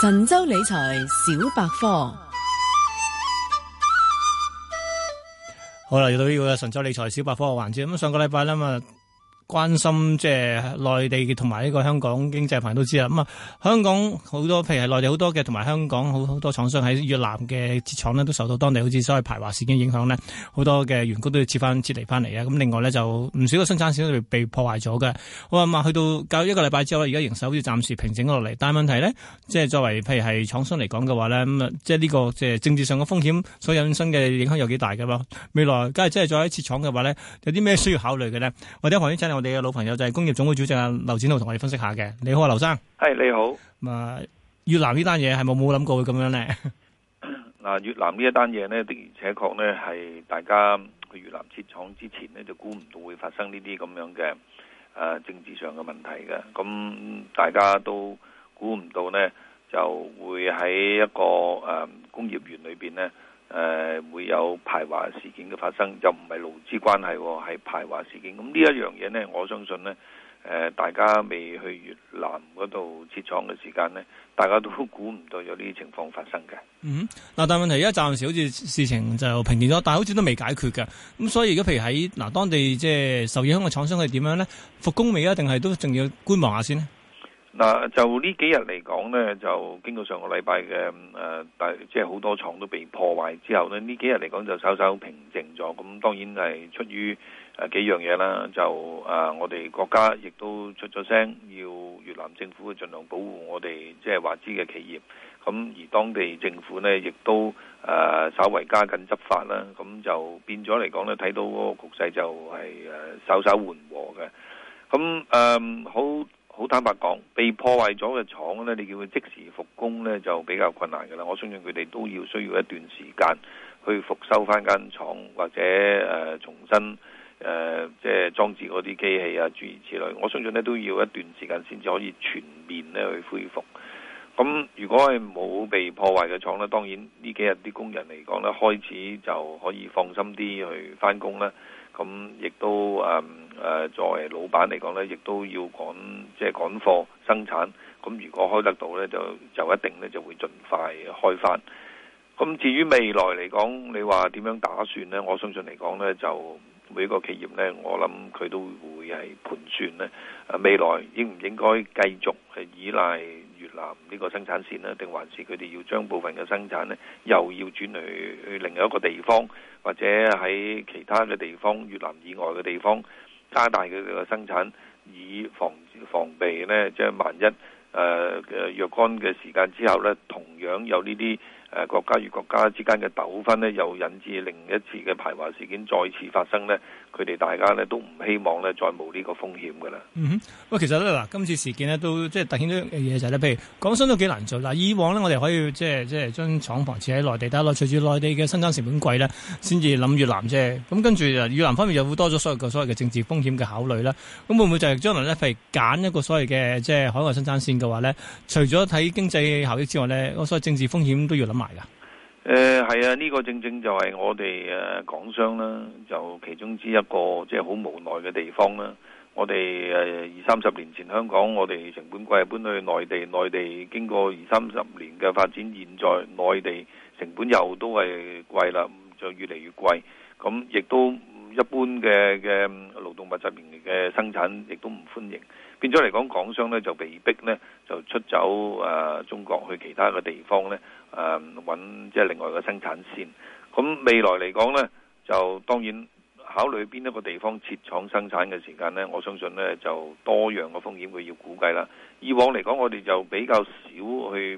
神州理財小百科，好啦，又到呢個神州理財小百科嘅環節。咁上個禮拜啦嘛。關心即係內地同埋呢個香港經濟，朋友都知啦。咁、嗯、啊，香港好多，譬如係內地好多嘅，同埋香港好好多廠商喺越南嘅設廠呢，都受到當地好似所謂排華事件影響呢。好多嘅員工都要撤翻撤離翻嚟啊。咁、嗯、另外呢，就唔少嘅生產線都被破壞咗嘅。好話嘛、嗯，去到搞一個禮拜之後，而家形勢好似暫時平靜落嚟，但係問題呢，即係作為譬如係廠商嚟講嘅話呢，咁、嗯、啊，即係呢、這個即係政治上嘅風險所引申嘅影響有幾大噶咯？未來，假如真係再喺設廠嘅話呢，有啲咩需要考慮嘅呢？或者黃先我哋嘅老朋友就係工業總會主席阿劉展灝同我哋分析下嘅。你好啊劉生，係你好。咁啊，越南呢單嘢係冇冇諗過會咁樣咧？嗱，越南呢一單嘢咧，的而且確咧，係大家去越南設廠之前咧就估唔到會發生呢啲咁樣嘅誒政治上嘅問題嘅，咁大家都估唔到咧就會喺一個誒工業園裏邊咧。誒、呃，會有排華事件嘅發生，又唔係勞資關係，哦，係排華事件。咁呢一樣嘢咧，我相信咧，誒、呃，大家未去越南嗰度設廠嘅時間咧，大家都估唔到有呢啲情況發生嘅，嗯。嗯，嗱，但問題而家暫時好似事情就平定咗，但係好似都未解決嘅。咁，嗯，所以如果譬如喺嗱，嗯，當地即係，呃、受影響嘅廠商係點樣咧？復工未啊？定係都仲要觀望下先呢？嗱，就呢幾日嚟講呢，就經過上個禮拜嘅誒，即係好多廠都被破壞之後咧，呢幾日嚟講就稍稍平靜咗。咁當然係出於誒幾樣嘢啦，就誒、呃、我哋國家亦都出咗聲，要越南政府去盡量保護我哋即係華資嘅企業。咁而當地政府呢，亦都誒、呃、稍為加緊執法啦。咁就變咗嚟講呢，睇到個局勢就係誒稍稍緩和嘅。咁誒、呃、好。好坦白講，被破壞咗嘅廠呢，你叫佢即時復工呢，就比較困難㗎喇。我相信佢哋都要需要一段時間去復修翻間廠，或者誒、呃、重新誒、呃、即係裝置嗰啲機器啊，諸如此類。我相信呢，都要一段時間先至可以全面咧去恢復。咁如果係冇被破壞嘅廠呢，當然呢幾日啲工人嚟講呢，開始就可以放心啲去返工啦。咁亦都誒誒、嗯呃，作為老闆嚟講呢，亦都要趕即係趕貨生產。咁如果開得到呢，就就一定呢就會盡快開返。咁至於未來嚟講，你話點樣打算呢？我相信嚟講呢，就每一個企業呢，我諗佢都會係盤算呢、啊，未來應唔應該繼續係依賴？呢個生產線咧，定還是佢哋要將部分嘅生產咧，又要轉嚟去去另一個地方，或者喺其他嘅地方，越南以外嘅地方加大佢嘅生產，以防防備呢，即係萬一誒、呃、若干嘅時間之後呢，同樣有呢啲誒國家與國家之間嘅糾紛咧，又引致另一次嘅排華事件再次發生呢。佢哋大家咧都唔希望咧再冇呢個風險嘅啦。嗯哼，喂，其實咧嗱，今次事件呢都即係突顯咗嘢就係、是、咧，譬如港商都幾難做。嗱，以往呢，我哋可以即係即係將廠房設喺內地底落，隨住內地嘅生產成本貴咧，先至諗越南啫。咁跟住越南方面又會多咗所謂嘅所謂嘅政治風險嘅考慮啦。咁會唔會就係將來咧譬如揀一個所謂嘅即係海外生產線嘅話咧，除咗睇經濟效益之外咧，嗰所謂政治風險都要諗埋㗎？誒，係、呃、啊！呢、這個正正就係我哋誒、呃、港商啦，就其中之一個即係好無奈嘅地方啦。我哋誒二三十年前香港，我哋成本貴，搬去內地。內地經過二三十年嘅發展，現在內地成本又都係貴啦，就越嚟越貴。咁亦都一般嘅嘅勞動密集型嘅生產，亦都唔歡迎。變咗嚟講，港商咧就被逼咧就出走誒、呃，中國去其他嘅地方咧，誒、嗯、揾即係另外嘅生產線。咁、嗯、未來嚟講咧，就當然考慮邊一個地方設廠生產嘅時間咧，我相信咧就多樣嘅風險佢要估計啦。以往嚟講，我哋就比較少去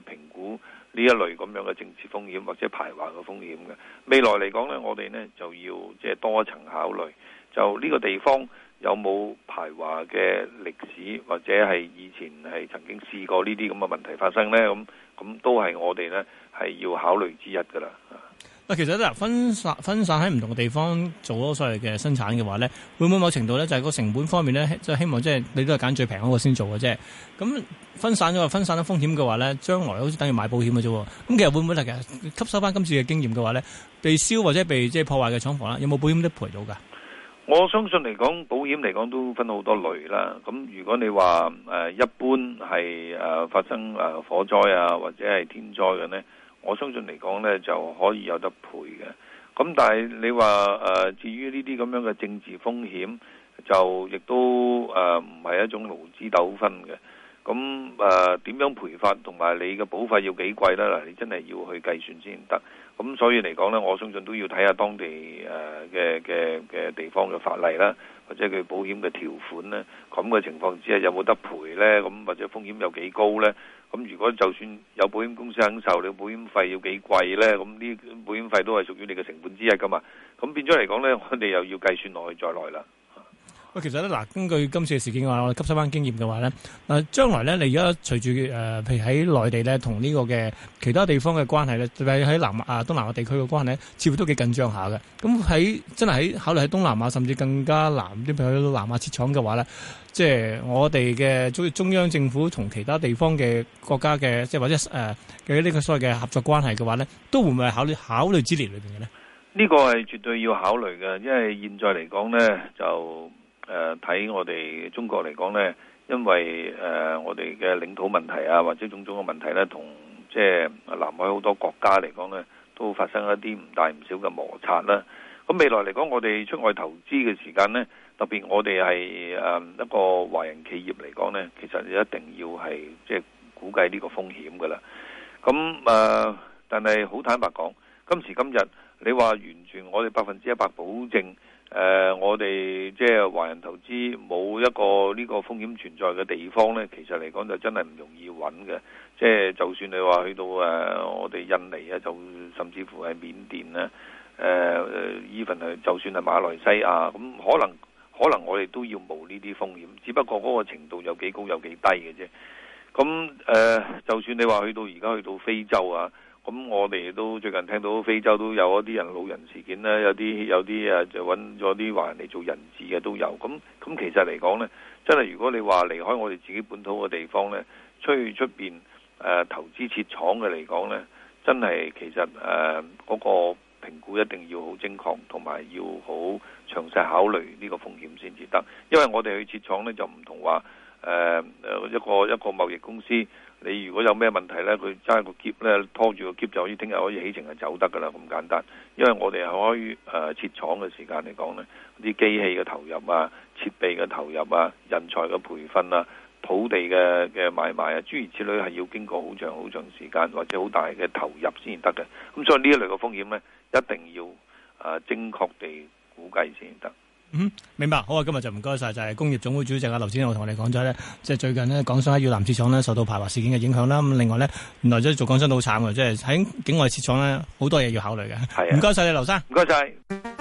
評估呢一類咁樣嘅政治風險或者排華嘅風險嘅。未來嚟講咧，我哋咧就要即係多一層考慮，就呢個地方。有冇排華嘅歷史，或者係以前係曾經試過呢啲咁嘅問題發生咧？咁、嗯、咁、嗯、都係我哋咧係要考慮之一噶啦。嗱，其實咧分，分散分散喺唔同嘅地方做咗所謂嘅生產嘅話咧，會唔會某程度咧就係個成本方面咧，即、就、係、是、希望即係你都係揀最平嗰個先做嘅啫。咁分散咗分散咗風險嘅話咧，將來好似等於買保險嘅啫。咁其實會唔會其實吸收翻今次嘅經驗嘅話咧，被燒或者被即係破壞嘅廠房啦，有冇保險得賠到噶？我相信嚟講，保險嚟講都分好多類啦。咁如果你話誒一般係誒發生誒火災啊或者係天災嘅呢，我相信嚟講呢就可以有得賠嘅。咁但係你話誒至於呢啲咁樣嘅政治風險，就亦都誒唔係一種勞資糾紛嘅。咁誒點樣賠法，同埋你嘅保費要幾貴咧？嗱，你真係要去計算先得。咁所以嚟講呢，我相信都要睇下當地誒嘅嘅嘅地方嘅法例啦，或者佢保險嘅條款呢，咁嘅情況之下有冇得賠呢？咁或者風險有幾高呢？咁如果就算有保險公司肯受，你保險費要幾貴呢？咁呢保險費都係屬於你嘅成本之一噶嘛？咁變咗嚟講呢，我哋又要計算落去再來啦。喂，其實咧，嗱，根據今次嘅事件嘅話，我哋吸收翻經驗嘅話咧，誒、啊，將來咧，你而家隨住誒、呃，譬如喺內地咧，同呢個嘅其他地方嘅關係咧，特別喺南亞、啊、東南亞地區嘅關係，似乎都幾緊張下嘅。咁、嗯、喺真係喺考慮喺東南亞，甚至更加南啲，譬如去到南亞設廠嘅話咧，即係我哋嘅中中央政府同其他地方嘅國家嘅，即係或者誒，喺、呃、呢、這個所謂嘅合作關係嘅話咧，都會唔會係考慮考慮之列裏邊嘅咧？呢個係絕對要考慮嘅，因為現在嚟講咧就。誒睇、呃、我哋中國嚟講呢，因為誒、呃、我哋嘅領土問題啊，或者種種嘅問題呢，同即係南海好多國家嚟講呢，都發生一啲唔大唔小嘅摩擦啦。咁未來嚟講，我哋出外投資嘅時間呢，特別我哋係誒一個華人企業嚟講呢，其實一定要係即係估計呢個風險㗎喇。咁誒、呃，但係好坦白講，今時今日你話完全我哋百分之一百保證。誒、呃，我哋即係華人投資冇一個呢個風險存在嘅地方呢，其實嚟講就真係唔容易揾嘅。即、就、係、是、就算你話去到誒、呃，我哋印尼啊，就甚至乎係緬甸咧、啊，誒，even 係就算係馬來西亞，咁、嗯、可能可能我哋都要冒呢啲風險，只不過嗰個程度有幾高有幾低嘅啫。咁、嗯、誒、呃，就算你話去到而家去到非洲啊。咁我哋亦都最近聽到非洲都有一啲人老人事件啦，有啲有啲誒就揾咗啲華人嚟做人質嘅都有。咁咁其實嚟講呢，真係如果你話離開我哋自己本土嘅地方呢，出去出邊誒投資設廠嘅嚟講呢，真係其實誒嗰個評估一定要好精確，同埋要好詳細考慮呢個風險先至得。因為我哋去設廠呢，就唔同話。誒誒、呃、一個一個貿易公司，你如果有咩問題呢，佢揸個喼呢，拖住個喼就可以，就聽日可以起程就走得噶啦，咁簡單。因為我哋可以誒、呃、設廠嘅時間嚟講，呢啲機器嘅投入啊、設備嘅投入啊、人才嘅培訓啊、土地嘅嘅買賣啊，諸如此類係要經過好長好長時間或者好大嘅投入先得嘅。咁所以呢一類嘅風險呢，一定要誒、呃、精確地估計先得。嗯，明白。好啊，今日就唔該晒，就係工業總會主席啊，劉先生同我哋講咗咧，即係最近咧港商喺越南設廠咧受到排華事件嘅影響啦。咁另外咧，原來咧做港商都好慘嘅，即係喺境外設廠咧好多嘢要考慮嘅。係啊，唔該晒你，劉生，唔該晒。